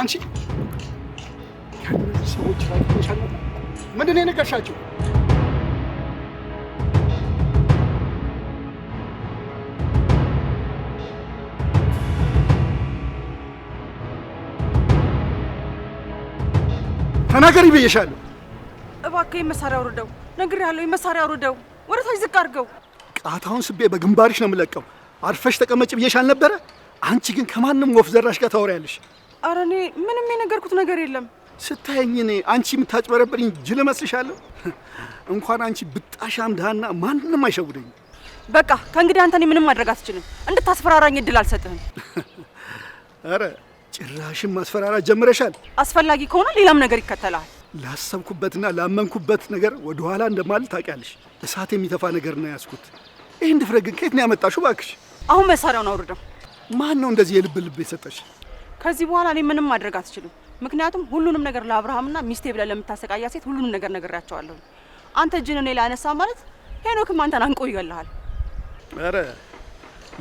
አንቺ ሰዎች ላይ ትንሻለ ምንድን ነው የነገርሻቸው? ተናገሪ ብዬሻለሁ። እባክህ መሳሪያ አውርደው። ነግሬሃለሁ፣ መሳሪያ አውርደው። ወደታች ዝቅ አድርገው። ቃታውን ስቤ በግንባርሽ ነው የምለቀው። አርፈሽ ተቀመጭ ብዬሽ አልነበረ? አንቺ ግን ከማንም ወፍ ዘራሽ ጋር ታወሪያለሽ። አረ እኔ ምንም የነገርኩት ነገር የለም። ስታየኝ እኔ አንቺ የምታጭበረብሪኝ ጅል እመስልሻለሁ? እንኳን አንቺ ብጣሻም ድሃና ማንንም አይሸውደኝ? በቃ ከእንግዲህ አንተ እኔ ምንም ማድረግ አትችልም። እንድታስፈራራኝ እድል አልሰጥህም። አረ ጭራሽም ማስፈራራ ጀምረሻል። አስፈላጊ ከሆነ ሌላም ነገር ይከተላል። ላሰብኩበትና ላመንኩበት ነገር ወደኋላ እንደማል ታውቂያለሽ። እሳት የሚተፋ ነገር ነው ያስኩት። ይህን ድፍረት ግን ከየት ነው ያመጣሽው? እባክሽ አሁን መሳሪያውን አውርደው። ማን ነው እንደዚህ የልብ ልብ የሰጠሽ? ከዚህ በኋላ እኔ ምንም ማድረግ አትችልም። ምክንያቱም ሁሉንም ነገር ለአብርሃምና ሚስቴ ብለ ለምታሰቃያ ሴት ሁሉንም ነገር ነግሬያቸዋለሁ። አንተ እጅን እኔ ላይ አነሳ ማለት ሄኖክም አንተን አንቆ ይገልሃል። ኧረ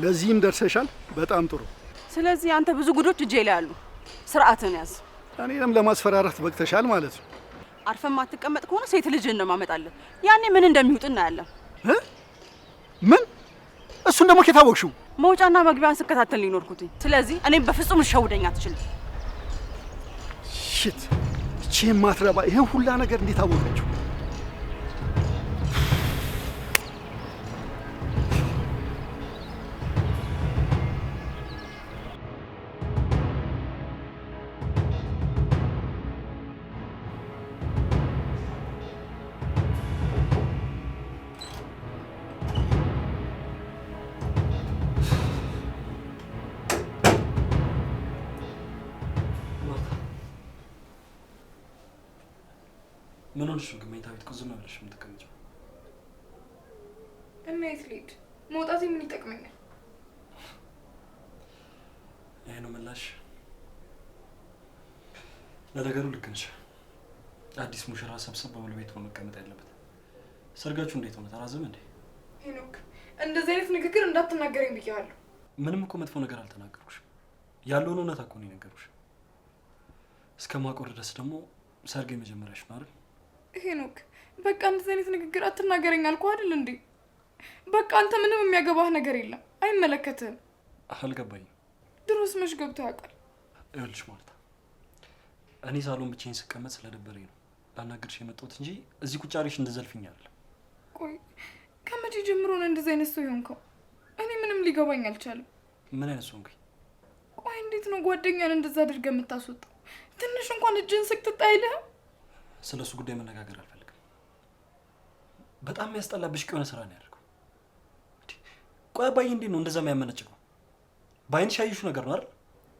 ለዚህም ደርሰሻል። በጣም ጥሩ። ስለዚህ አንተ ብዙ ጉዶች እጄ ላይ አሉ። ስርዓትን ያዝ። እኔንም ለማስፈራራት በቅተሻል ማለት ነው። አርፈ ማትቀመጥ ከሆነ ሴት ልጅ ነው ያኔ ምን እንደሚውጥ እናያለን። እሱን ደግሞ ከታወቅሽው መውጫና መግቢያን ስከታተል ሊኖርኩትኝ። ስለዚህ እኔም በፍጹም ልሸውደኝ አትችልም። ሽት ይቺ ማትረባ ይሄን ሁላ ነገር እንዴት አወቀችው? ምን ሆነሽ ነው? መኝታ ቤት ቁዝም ብለሽ የምትቀመጪው? እና የት ልሂድ? መውጣቴ ምን ይጠቅመኛል? ይሄ ነው ምላሽ? ለነገሩ ልክ ነሽ። አዲስ ሙሽራ ሰብሰብ ብሎ ቤት ነው መቀመጥ ያለበት። ሰርጋችሁ እንዴት ሆነ? ተራዘመ እንዴ? ሄኖክ፣ እንደዚህ አይነት ንግግር እንዳትናገረኝ ብያለሁ። ምንም እኮ መጥፎ ነገር አልተናገርኩሽ። ያለውን እውነት እኮ ነው የነገሩሽ። እስከ ማቆር ድረስ ደግሞ ሰርግ የመጀመሪያሽ ነው አይደል? ሄኖክ በቃ እንደዚህ አይነት ንግግር አትናገረኝ አልኩ አይደል እንዴ? በቃ አንተ ምንም የሚያገባህ ነገር የለም፣ አይመለከትህም። አልገባኝም። ድሮስ መች ገብቶ ያውቃል? ይኸውልሽ ማርታ፣ እኔ ሳሎን ብቻዬን ስቀመጥ ስለደበረኝ ነው ላናግርሽ የመጣሁት እንጂ እዚህ ቁጭ እንደዘልፍኝ እንድትዘልፊኝ አይደለም። ቆይ ከመቼ ጀምሮ ነው እንደዚህ አይነት ሰው የሆንከው? እኔ ምንም ሊገባኝ አልቻለም። ምን አይነት ሰው እንከኝ? ቆይ እንዴት ነው ጓደኛን እንደዛ አድርገ የምታስወጣው? ትንሽ እንኳን እጅን ስቅ አይልህም? ስለ እሱ ጉዳይ መነጋገር አልፈልግም። በጣም የሚያስጠላ ብሽቅ የሆነ ስራ ነው ያደርገው። ቆይ አባዬ እንዴት ነው እንደዛ የሚያመነጭቀው? በአይንሽ ያየሹ ነገር ነው አይደል?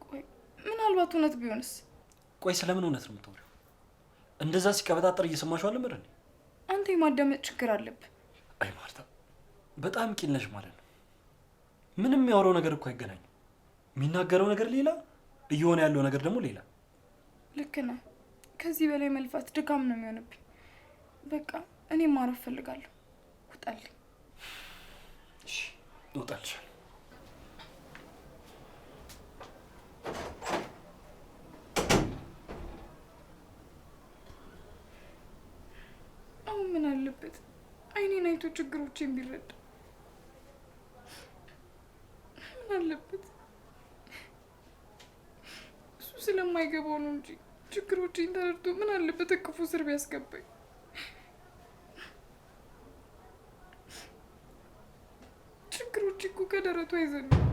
ቆይ ምናልባት እውነት ቢሆንስ? ቆይ ስለምን እውነት ነው የምታወሪው? እንደዛ ሲቀበጣጠር እየሰማሽው አለ ምረ አንተ የማዳመጥ ችግር አለብህ። አይ ማርታ በጣም ቂል ነሽ ማለት ነው። ምንም የሚያወራው ነገር እኮ አይገናኝም። የሚናገረው ነገር ሌላ፣ እየሆነ ያለው ነገር ደግሞ ሌላ። ልክ ነህ። ከዚህ በላይ መልፋት ድካም ነው የሚሆንብኝ። በቃ እኔ ማረፍ ፈልጋለሁ። ውጣልኝ። እወጣልሻለሁ። አሁን ምን አለበት አይኔን አይቶ ችግሮቼን ቢረዳ? ምን አለበት እሱ ስለማይገባው ነው እንጂ Çünkü kırıcı indiler duymen halde bir de kafu serbest kapay. Çünkü kırıcı tu ai zis.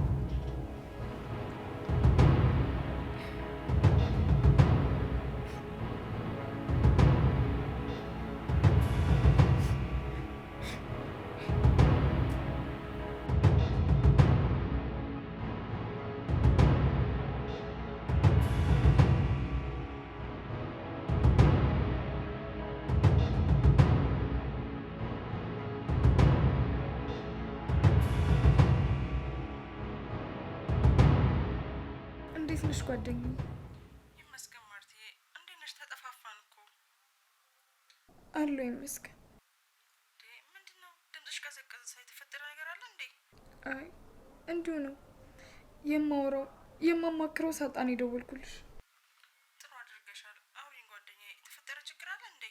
ጓደኛዬ። ይመስገን ማርትዬ፣ እንዴት ነሽ? ተጠፋፋን እኮ አሉ። ይመስገን። ምንድን ነው ድምፅሽ ቀዘቀዘ? የተፈጠረ ነገር አለ እንዴ? አይ እንዲሁ ነው የማወራው የማማክረው ሳጣን የደወልኩልሽ። ጥሩ አድርገሻል። አውሪኝ ጓደኛዬ፣ የተፈጠረ ችግር አለ እንዴ?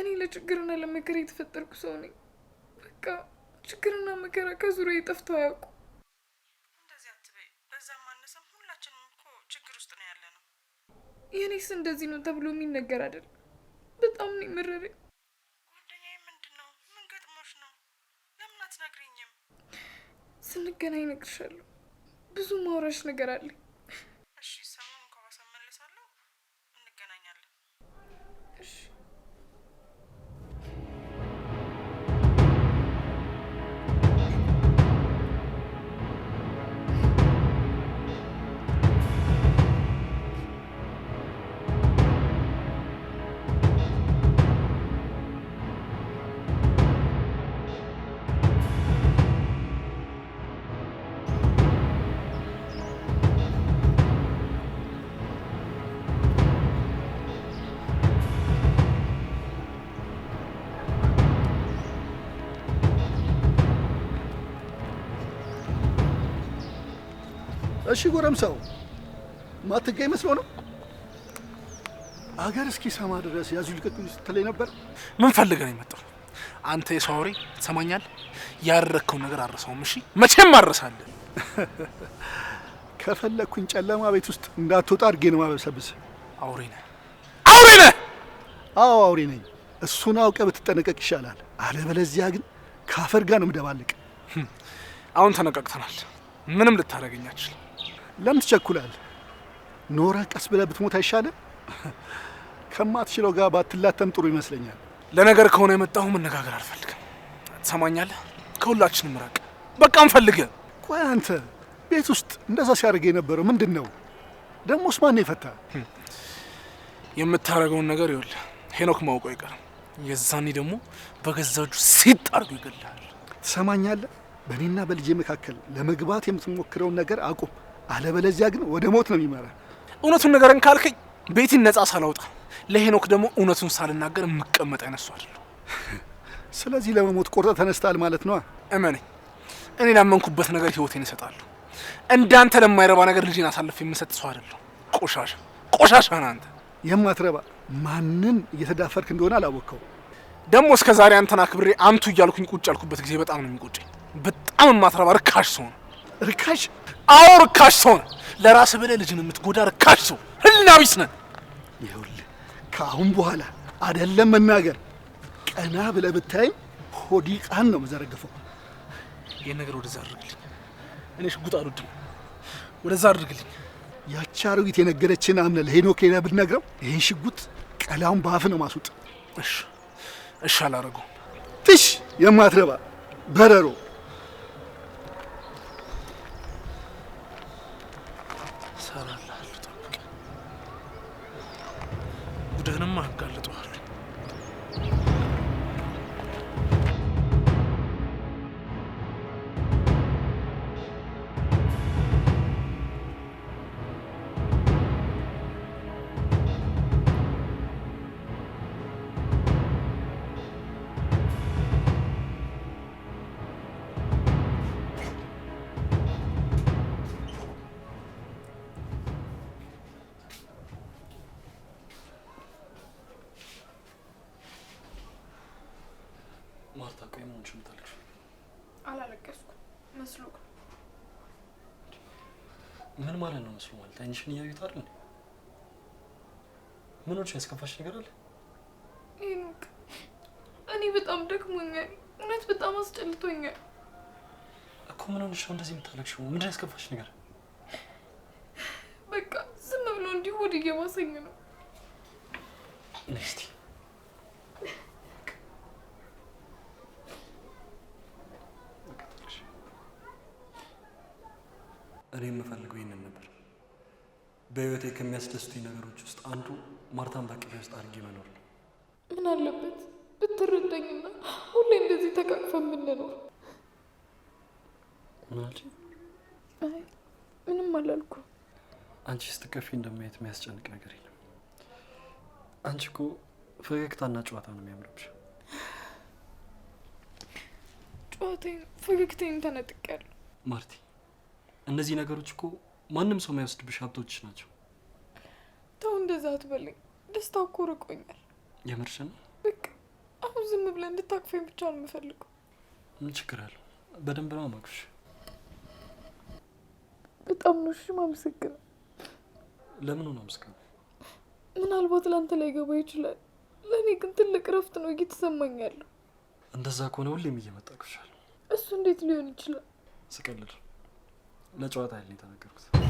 እኔ ለችግርና ለመከራ የተፈጠርኩ ሰው ነኝ። በቃ ችግርና መከራ ከዙሪያ የጠፍተው አያውቁ የኔስ እንደዚህ ነው ተብሎ የሚነገር አይደል። በጣም ነው የምረረኝ። ጓደኛዬ ምንድን ነው? ምን ገጥሞሽ ነው? ለምን አትነግሪኝም? ስንገናኝ እነግርሻለሁ። ብዙ ማውራሽ ነገር አለ። እሺ፣ ሰሞኑን ከዋሳ እመለሳለሁ፣ እንገናኛለን። እሺ እሺ ጎረምሳው ማትጋ መስሎ ነው አገር እስኪ ሰማ ድረስ ያዙ ልቀቁኝ ስትለኝ ነበር። ምን ፈልገ ነው የመጣው? አንተ የሰው አውሬ ትሰማኛል ያደረግከውን ነገር አረሳውም። እሺ መቼም አረሳለን። ከፈለግኩኝ ጨለማ ቤት ውስጥ እንዳትወጣ አድርጌ ነው ማበሰብስ። አውሬ ነህ፣ አውሬ ነህ። አዎ አውሬ ነኝ። እሱን አውቀ ብትጠነቀቅ ይሻላል። አለበለዚያ ግን ካፈር ጋር ነው ምደባልቅ። አሁን ተነቃቅተናል። ምንም ልታደርገኝ አትችልም። ለምን ትቸኩላል? ኖረህ ቀስ ብለህ ብትሞት አይሻልም? ከማትችለው ጋር ባትላተም ጥሩ ይመስለኛል። ለነገር ከሆነ የመጣሁ መነጋገር አልፈልግም። ትሰማኛለህ? ከሁላችንም ራቅ። በቃ እንፈልግ። ቆይ አንተ ቤት ውስጥ እንደዛ ሲያደርግ የነበረው ምንድን ነው? ደግሞስ ማን የፈታ? የምታደርገውን ነገር ይኸውልህ፣ ሄኖክ ማውቀው አይቀርም። የዛኔ ደግሞ በገዛ እጁ ሲጥ አድርጎ ይገልሃል። ትሰማኛለህ? በእኔና በልጄ መካከል ለመግባት የምትሞክረውን ነገር አቁም። አለበለዚያ ግን ወደ ሞት ነው የሚመራ። እውነቱን ነገርን ካልከኝ ቤቲን ነጻ ሳላውጣ ለሄኖክ ደግሞ እውነቱን ሳልናገር የምቀመጥ አይነሱ አይደለሁ። ስለዚህ ለመሞት ቆርጠ ተነስታል ማለት ነዋ። እመኔ፣ እኔ ላመንኩበት ነገር ህይወቴን እሰጣለሁ። እንዳንተ ለማይረባ ነገር ልጅን አሳልፍ የምሰጥ ሰው አይደለሁ። ቆሻሻ ቆሻሻ ነህ አንተ የማትረባ ማንን እየተዳፈርክ እንደሆነ አላወቅከው። ደግሞ እስከ ዛሬ አንተን አክብሬ አንቱ እያልኩኝ ቁጭ ያልኩበት ጊዜ በጣም ነው የሚቆጨኝ። በጣም የማትረባ ርካሽ ሰው ነው። ርካሽ አዎ ርካሽ ሰው ነን። ለራስ ብለህ ልጅን የምትጎዳ ርካሽ ሰው ህልና ቢስ ነን። ይኸውልህ ከአሁን በኋላ አይደለም መናገር ቀና ብለህ ብታይም ሆዲ ቃን ነው መዘረግፈው። ይህን ነገር ወደዛ አድርግልኝ። እኔ ሽጉጥ አልወድም። ወደዛ አድርግልኝ። ያቺ አሮጊት የነገረችን አምነ ለሄኖክ ሄደህ ብትነግረው ይህን ሽጉጥ ቀላውን በአፍ ነው ማስወጥ። እሺ እሺ፣ አላረገውም። ትሽ የማትረባ በረሮ அம்மாக்கள் ማለት ነው ማለት አይንሽን እያዩት አይደል? ምኖች ያስከፋሽ ነገር አለ? ሄኖክ፣ እኔ በጣም ደክሞኛል። እውነት በጣም አስጨልቶኛል እኮ። ምን ሆነሽ ነው እንደዚህ የምታለቅሽው? ምንድን ያስከፋሽ ነገር? በቃ ዝም ብሎ እንዲሁ ሆድ እየባሰኝ ነው። እስቲ እኔ የምፈልገው ይህንን በህይወቴ ከሚያስደስቱኝ ነገሮች ውስጥ አንዱ ማርታን በቅቤ ውስጥ አድርጌ መኖር ነው። ምን አለበት ብትረዳኝና ሁሌ እንደዚህ ተቃቅፈ የምንኖር። ምናልሽ? አይ ምንም አላልኩ። አንቺ ስትከፊ እንደማየት የሚያስጨንቅ ነገር የለም። አንቺ እኮ ፈገግታና ጨዋታ ነው የሚያምርብሽ። ጨዋታዬን ፈገግታዬን ተነጥቄያለሁ ማርቲ። እነዚህ ነገሮች እኮ ማንም ሰው የሚያስድብሽ ሀብቶች ናቸው። ተው እንደዛ አትበልኝ። ደስታ እኮ ርቆኛል። የምርሽን ነው? በቃ አሁን ዝም ብለን እንድታቅፈኝ ብቻ ነው የምፈልገው። ምን ችግር አለው? በደንብ ነው አማክሽ። በጣም ነው እሺ። ማመሰግነው። ለምኑ ነው ምናልባት ለአንተ ላይ ገባ ይችላል። ለእኔ ግን ትልቅ እረፍት ነው እየተሰማኝ ያለሁ? እንደዛ ከሆነ ሁሌም እየመጣኩሻል። እሱ እንዴት ሊሆን ይችላል? ስቀልድ ለጨዋታ ያህል የተናገርኩት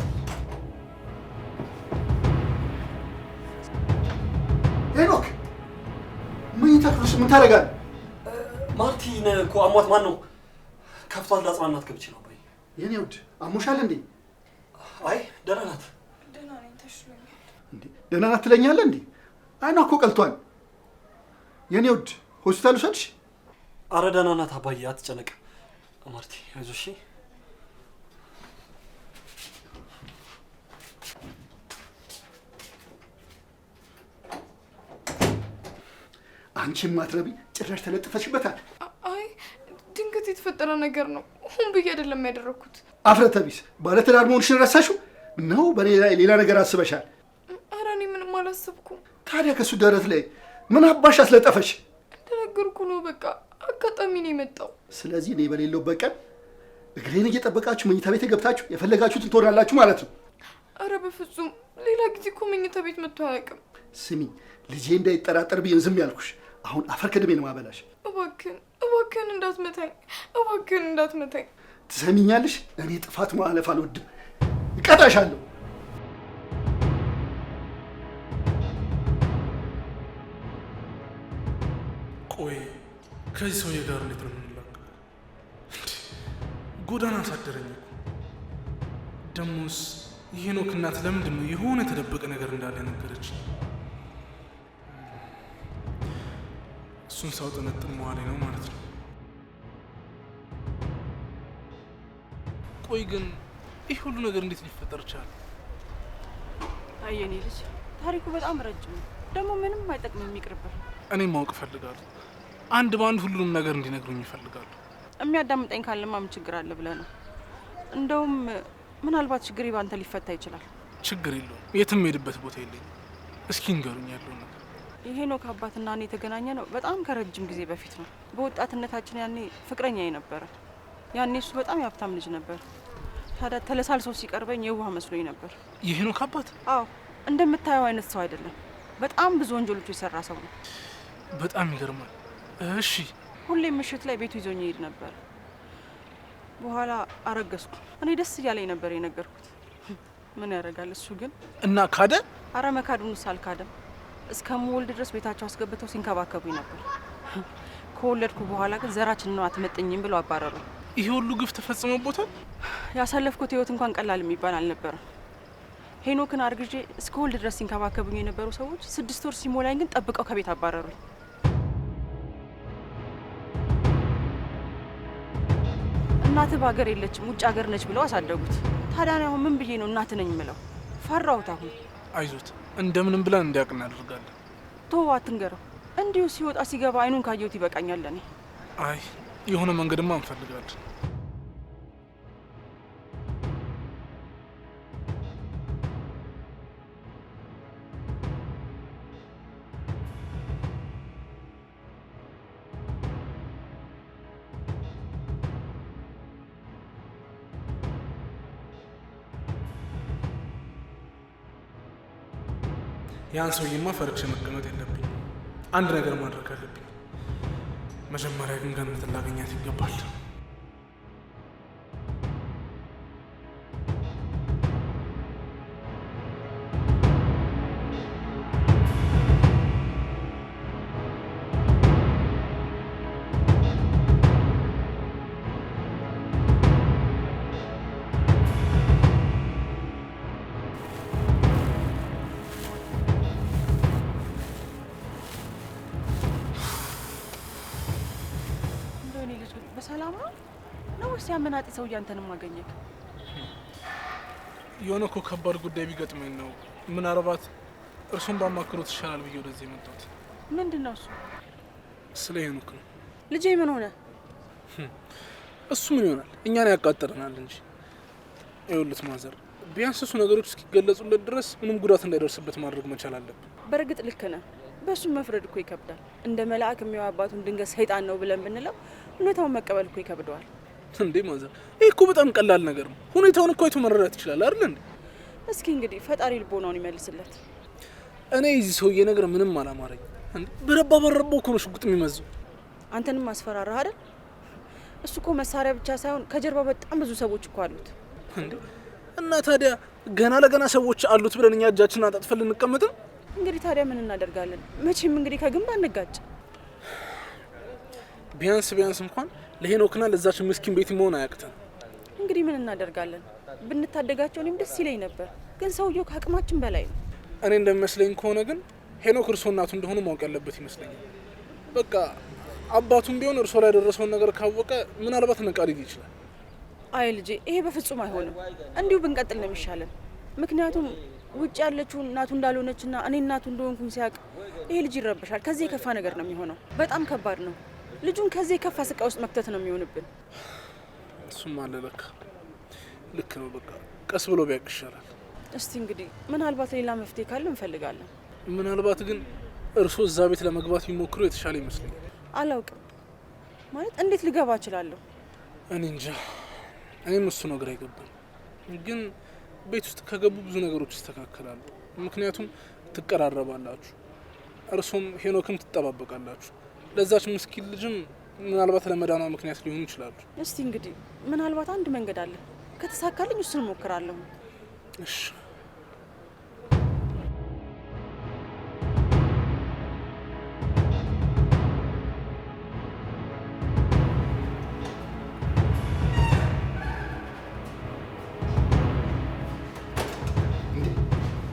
ሄኖክ ምን ተክሉስ ምን ታደርጋለህ? ማርቲን እኮ አሟት። ማን ነው ከፍቷት ላጽናናት ገብቼ ነው። በይ የኔ ውድ አሞሻል እንዴ? አይ ደህና ናት። ደህና ናት ትለኛለህ እንዴ? አይኗ እኮ ቀልቷል። የኔ ውድ ሆስፒታል ውሰድሽ። አረ ደህና ናት አባዬ፣ አትጨነቅ። ማርቲ አይዞሽ። አንቺ ማትረቢ ጭራሽ ተለጥፈሽበታል። አይ ድንገት የተፈጠረ ነገር ነው። ሁን ብዬ አይደለም ያደረግኩት። አፍረተቢስ ባለትዳር መሆንሽን ረሳሽው ነው? በሌላ ሌላ ነገር አስበሻል? ኧረ እኔ ምንም አላሰብኩም። ታዲያ ከሱ ደረት ላይ ምን አባሽ አስለጠፈሽ? እንደነገርኩ ነው፣ በቃ አጋጣሚ ነው የመጣው። ስለዚህ እኔ በሌለው በቀን እግሬን እየጠበቃችሁ መኝታ ቤት ገብታችሁ የፈለጋችሁትን ትሆናላችሁ ማለት ነው። አረ በፍጹም ሌላ ጊዜ እኮ መኝታ ቤት መጥቶ አያውቅም። ስሚ ልጄ እንዳይጠራጠር ብዬ ዝም ያልኩሽ አሁን አፈር ከድሜ ነው ማበላሽ። እባክህን እባክህን እንዳትመታኝ፣ እባክህን እንዳትመታኝ። ትሰሚኛለሽ? እኔ ጥፋት ማለፍ አልወድም። እቀጣሻለሁ። ቆይ ከዚህ ሰውዬ ጋር እንዴት ነው የምንላቀው? ጎዳና አሳደረኝ እኮ። ደሞስ ይሄኖክ እናት ለምንድን ነው የሆነ የተደበቀ ነገር እንዳለ ነገረች? እሱን ሳውጠነጥን መዋሌ ነው ማለት ነው። ቆይ ግን ይህ ሁሉ ነገር እንዴት ሊፈጠር ቻለ? አየኔ ልጅ ታሪኩ በጣም ረጅም ነው፣ ደግሞ ምንም አይጠቅምም የሚቅርብህ። እኔም ማወቅ እፈልጋለሁ። አንድ በአንድ ሁሉንም ነገር እንዲነግሩኝ ይፈልጋሉ። የሚያዳምጠኝ ካለማ ምን ችግር አለ ብለህ ነው? እንደውም ምናልባት ችግር ባንተ ሊፈታ ይችላል። ችግር የለውም፣ የትም ሄድበት ቦታ የለኝም። እስኪ ንገሩኝ ያለውን ነገር ይሄ ነው ከአባትና እኔ የተገናኘ ነው። በጣም ከረጅም ጊዜ በፊት ነው። በወጣትነታችን ያኔ ፍቅረኛ የነበረ ያኔ እሱ በጣም የሀብታም ልጅ ነበር። ታዲያ ተለሳልሶ ሲቀርበኝ የውሃ መስሎኝ ነበር። ይሄ ነው ከአባት? አዎ፣ እንደምታየው አይነት ሰው አይደለም። በጣም ብዙ ወንጀሎች የሰራ ሰው ነው። በጣም ይገርማል። እሺ። ሁሌም ምሽት ላይ ቤቱ ይዞኝ ይሄድ ነበር። በኋላ አረገዝኩ። እኔ ደስ እያለኝ ነበር የነገርኩት። ምን ያደርጋል እሱ ግን። እና ካደ? አረ መካዱንስ ካደም እስከ ድረስ ቤታቸው አስገብተው ሲንከባከቡኝ ነበር። ከወለድኩ በኋላ ግን ዘራችን ነው አትመጠኝም ብለው አባረሩ። ይሄ ሁሉ ግፍ ተፈጽሞቦታል። ያሳለፍኩት ህይወት እንኳን ቀላል የሚባል አልነበረም። ሄኖክን አርግዤ እስከ ወልድ ድረስ ሲንከባከቡኝ የነበሩ ሰዎች ስድስት ወር ሲሞላኝ ግን ጠብቀው ከቤት አባረሩኝ። እናትህ በሀገር የለችም ውጭ ሀገር ነች ብለው አሳደጉት። ታዲያ አሁን ምን ብዬ ነው እናት ነኝ ምለው? ፈራሁት። አሁን አይዞት እንደምንም ብለን እንዲያውቅ እናደርጋለን። ተው አትንገረው። እንዲሁ ሲወጣ ሲገባ አይኑን ካየሁት ይበቃኛል ለኔ። አይ የሆነ መንገድማ እንፈልጋለን። ያን ሰውዬማ ፈርቼ መቀመጥ የለብኝ። አንድ ነገር ማድረግ አለብኝ። መጀመሪያ ግን ገነትን ላገኛት ይገባል። መናጤ ሰው እያንተንም አገኘክ። የሆነ እኮ ከባድ ጉዳይ ቢገጥመኝ ነው ምናልባት እርሱን ባማክሩት ይሻላል ብዬ ወደዚህ የመጣሁት። ምንድን ነው እሱ? ስለ ሄኖክ ነው። ልጄ ምን ሆነ? እሱ ምን ይሆናል? እኛን ያቃጠረናል እንጂ ይኸውልህ ማዘር፣ ቢያንስ እሱ ነገሮች እስኪገለጹለት ድረስ ምንም ጉዳት እንዳይደርስበት ማድረግ መቻል አለብን። በእርግጥ ልክ ነህ። በእሱም መፍረድ እኮ ይከብዳል። እንደ መልአክ የሚያው አባቱን ድንገት ሰይጣን ነው ብለን ብንለው እውነታውን መቀበል እኮ ይከብደዋል። እንዴ ማዘር፣ ይህ እኮ በጣም ቀላል ነገር ነው። ሁኔታውን እኮ አይቶ መረዳት ይችላል አይደል እንዴ? እስኪ እንግዲህ ፈጣሪ ልቦናውን ይመልስለት። እኔ የዚህ ሰውዬ ነገር ምንም አላማረኝ። በረባ በረባው እኮ ነው ሽጉጥ የሚመዘው። አንተንም አስፈራራህ አይደል? እሱ እኮ መሳሪያ ብቻ ሳይሆን ከጀርባ በጣም ብዙ ሰዎች እኮ አሉት። እንዴ እና ታዲያ ገና ለገና ሰዎች አሉት ብለን እኛ እጃችንን አጣጥፈን ልንቀመጥም? እንግዲህ ታዲያ ምን እናደርጋለን? መቼም እንግዲህ ከግንብ አንጋጭ። ቢያንስ ቢያንስ እንኳን ለሄኖክና ለዛች ምስኪን ቤት መሆን አያቅተን። እንግዲህ ምን እናደርጋለን? ብንታደጋቸው እኔም ደስ ይለኝ ነበር፣ ግን ሰውየው ከአቅማችን በላይ ነው። እኔ እንደሚመስለኝ ከሆነ ግን ሄኖክ እርሶ እናቱ እንደሆኑ ማወቅ ያለበት ይመስለኛል። በቃ አባቱም ቢሆን እርሶ ላይ የደረሰውን ነገር ካወቀ ምናልባት ነቃ ይችላል። አይ ልጄ፣ ይሄ በፍጹም አይሆንም። እንዲሁ ብንቀጥል ነው የሚሻለን። ምክንያቱም ውጭ ያለችው እናቱ እንዳልሆነችና እኔ እናቱ እንደሆንኩም ሲያውቅ ይሄ ልጅ ይረበሻል። ከዚህ የከፋ ነገር ነው የሚሆነው። በጣም ከባድ ነው። ልጁን ከዚህ የከፋ ስቃይ ውስጥ መክተት ነው የሚሆንብን። እሱም አለ ለካ ልክ ነው። በቃ ቀስ ብሎ ቢያቅ ይሻላል። እስቲ እንግዲህ ምናልባት ሌላ መፍትሄ ካለ እንፈልጋለን። ምናልባት ግን እርስዎ እዛ ቤት ለመግባት ቢሞክሩ የተሻለ ይመስለኛል። አላውቅም ማለት እንዴት ልገባ እችላለሁ? እኔ እንጃ። እኔም እሱ ነገር አይገባም። ግን ቤት ውስጥ ከገቡ ብዙ ነገሮች ይስተካከላሉ። ምክንያቱም ትቀራረባላችሁ፣ እርሶም ሄኖክም ትጠባበቃላችሁ። ለዛች ምስኪን ልጅም ምናልባት ለመዳኗ ምክንያት ሊሆኑ ይችላሉ። እስቲ እንግዲህ ምናልባት አንድ መንገድ አለ፣ ከተሳካልኝ እሱን እሞክራለሁ። እሺ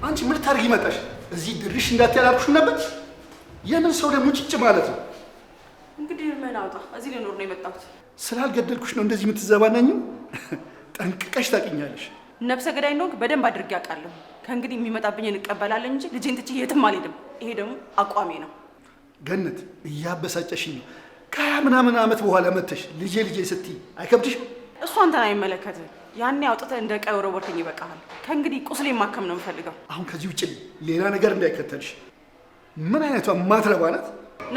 አንቺ ምን ታርጊ መጣሽ? እዚህ ድርሽ እንዳትያላልኩሽ ነበር። የምን ሰው ደግሞ ጭጭ ማለት ነው ላውጣ? እዚህ ልኖር ነው የመጣሁት። ስላልገደልኩሽ ነው እንደዚህ የምትዘባናኝ። ጠንቅቀሽ ታውቂኛለሽ። ነፍሰ ገዳይ እንደሆንክ በደንብ አድርጌ አውቃለሁ። ከእንግዲህ የሚመጣብኝን እቀበላለሁ እንጂ ልጄን ትቼ የትም አልሄድም። ይሄ ደግሞ አቋሜ ነው። ገነት እያበሳጨሽኝ ነው። ከሀያ ምናምን ዓመት በኋላ መተሽ ልጄ ልጄ ስትይ አይከብድሽም? እሱ አንተን አይመለከትም። ያኔ አውጥተህ እንደ ቀይ ወረወርተኝ ይበቃሃል። ከእንግዲህ ቁስሌ ማከም ነው የምፈልገው። አሁን ከዚህ ውጭ ሌላ ነገር እንዳይከተልሽ። ምን አይነቷ ማትረባ ናት!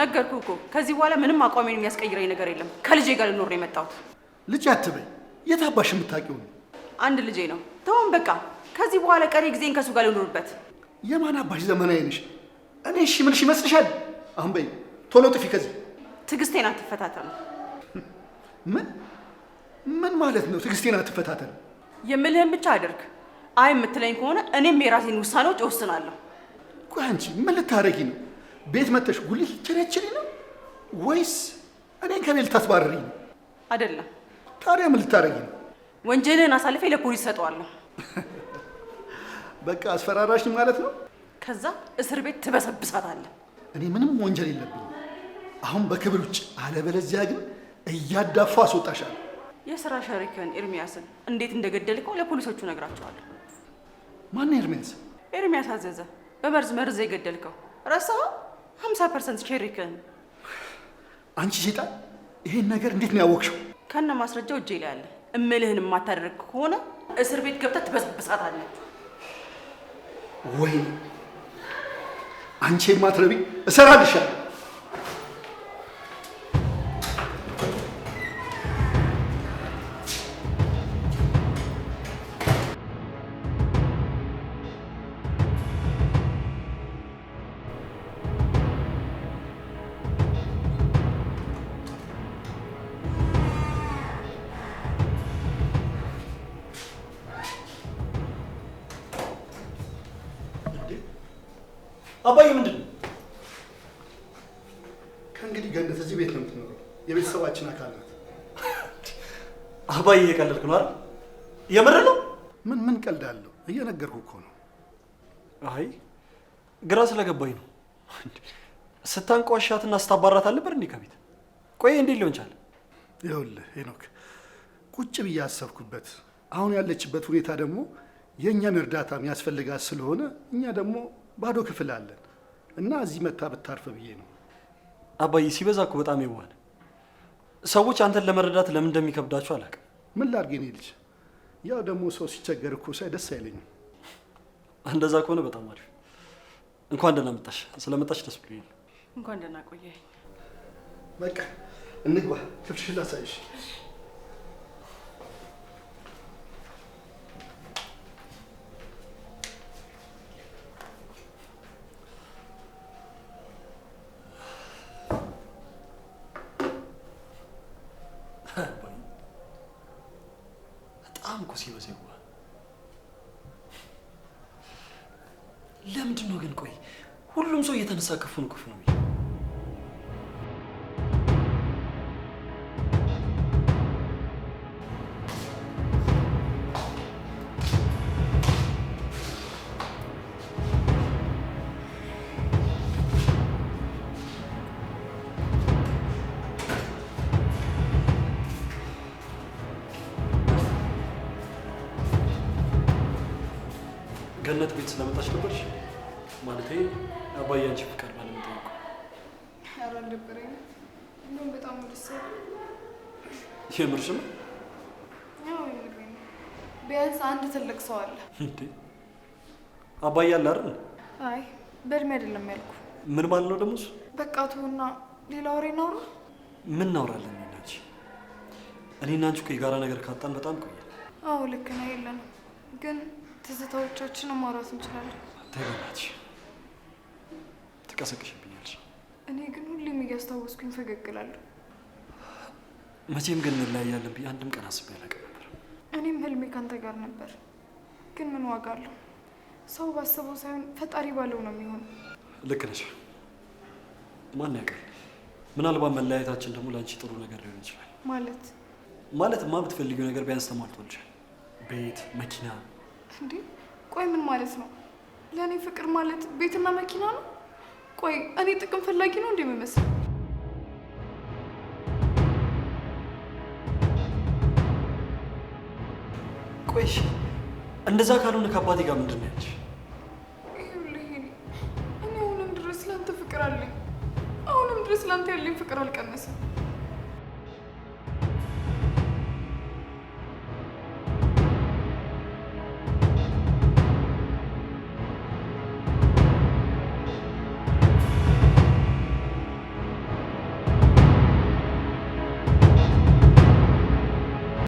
ነገርኩህ እኮ ከዚህ በኋላ ምንም አቋሜን የሚያስቀይረኝ ነገር የለም። ከልጄ ጋር ልኖር ነው የመጣሁት። ልጅ አትበይ። የት አባሽ የምታውቂው ነው? አንድ ልጄ ነው። ተወን በቃ። ከዚህ በኋላ ቀሪ ጊዜን ከእሱ ጋር ልኖርበት። የማን አባሽ ዘመናዊ ነሽ? እኔ እሺ ምልሽ ይመስልሻል? አሁን በይ ቶሎ ጥፊ ከዚህ። ትዕግስቴን አትፈታተኑ። ምን ምን ማለት ነው? ትዕግስቴን አትፈታተኑ? የምልህን ብቻ አድርግ። አይ የምትለኝ ከሆነ እኔም የራሴን ውሳኔዎች እወስናለሁ። ቆይ አንቺ ምን ልታረጊ ነው? ቤት መተሽ ጉልህ ቸነችል ነው ወይስ እኔን ከቤት ልታስባርሪ ነው? አይደለም። ታዲያ ምን ልታረጊ ነው? ወንጀልህን አሳልፌ ለፖሊስ ሰጠዋለሁ። በቃ አስፈራራሽ ማለት ነው። ከዛ እስር ቤት ትበሰብሳታለህ። እኔ ምንም ወንጀል የለብኝም አሁን በክብር ውጭ፣ አለበለዚያ ግን እያዳፋ አስወጣሻለሁ። የስራ ሸሪክህን ኤርሚያስን እንዴት እንደገደልከው ለፖሊሶቹ ነግራቸዋለሁ። ማነው ኤርሚያስ? ኤርሚያስ አዘዘ፣ በመርዝ መርዝ የገደልከው ረሳኸው? ሀምሳ ፐርሰንት ቼሪክን። አንቺ ሴጣን፣ ይሄን ነገር እንዴት ነው ያወቅሽው? ከነ ማስረጃው እጄ ላይ አለ። እምልህን የማታደርግ ከሆነ እስር ቤት ገብተህ ትበስብሳታለህ። ወይ አንቺ የማትረቢ እሰራልሻለሁ አባዬ ምንድን ነው? ከእንግዲህ ገነት እዚህ ቤት ነው የምትኖረው። የቤተሰባችን አካል ናት። አባዬ እየቀለድክ ነው አይደል? የምር ነው። ምን ምን ቀልድ አለው? እየነገርኩ እኮ ነው። አይ ግራ ስለገባኝ ነው። ስታንቋሻትና ስታባራት አልነበር እንዴ ከቤት? ቆይ እንዴት ሊሆን ቻለ? ይኸውልህ ሄኖክ፣ ቁጭ ብዬ አሰብኩበት። አሁን ያለችበት ሁኔታ ደግሞ የእኛም እርዳታ የሚያስፈልጋት ስለሆነ እኛ ደግሞ ባዶ ክፍል አለን እና እዚህ መታ ብታርፍ ብዬ ነው። አባዬ ሲበዛ እኮ በጣም ይዋል። ሰዎች አንተን ለመረዳት ለምን እንደሚከብዳቸው አላውቅም። ምን ላድርግ የኔ ልጅ፣ ያው ደግሞ ሰው ሲቸገር እኮ ሳይ ደስ አይለኝም። እንደዛ ከሆነ በጣም አሪፍ። እንኳን ደህና መጣሽ። ስለመጣሽ ደስ ብሎኝ። እንኳን ደህና ቆየኝ። በቃ እንግባ፣ ክፍልሽን ላሳይሽ። ቆይ ሁሉም ሰው እየተነሳ ነው ክፉ ነው። ገነት ቤት ስለመጣች ነበርሽ? የምርሽ ነው? ቢያንስ አንድ ትልቅ ሰው አለ። እንዴ? አባዬ አለ አይደል? አይ በእድሜ አይደለም ያልኩ። ምን ማለት ነው ደግሞ? በቃ ተውና ሌላ ወሬ እናውራ። ምን እናውራለን? ናች እኔና አንቺ እኮ የጋራ ነገር ካጣን በጣም ቆየ። አዎ ልክ ነው። የለንም ግን ትዝታዎቻችንን ማውራት እንችላለን። ተገናች ትቀሰቅሽብኛለሽ። እኔ ግን ሁሌም እያስታወስኩኝ ፈገግላለሁ። መቼም ግን እንለያያለን ብዬ አንድም ቀን አስቤ አላውቅም ነበር። እኔም ህልሜ ካንተ ጋር ነበር፣ ግን ምን ዋጋ አለው? ሰው ባሰበው ሳይሆን ፈጣሪ ባለው ነው የሚሆን። ልክ ነሽ። ማን ያውቃል? ምናልባት መለያየታችን ደግሞ ለአንቺ ጥሩ ነገር ሊሆን ይችላል። ማለት ማለት ማ ብትፈልጊው ነገር ቢያንስ ተሟልቶልሻል። ቤት፣ መኪና። እንዴ ቆይ ምን ማለት ነው? ለእኔ ፍቅር ማለት ቤትና መኪና ነው? ቆይ እኔ ጥቅም ፈላጊ ነው እንዴ የሚመስለው? ቆይ እንደዛ ካልሆነ ከአባቴ ጋር ምንድን ነው ያለሽ? እኔ አሁንም ድረስ ለአንተ ፍቅር አለኝ። አሁንም ድረስ ለአንተ ያለኝ ፍቅር አልቀነሰም።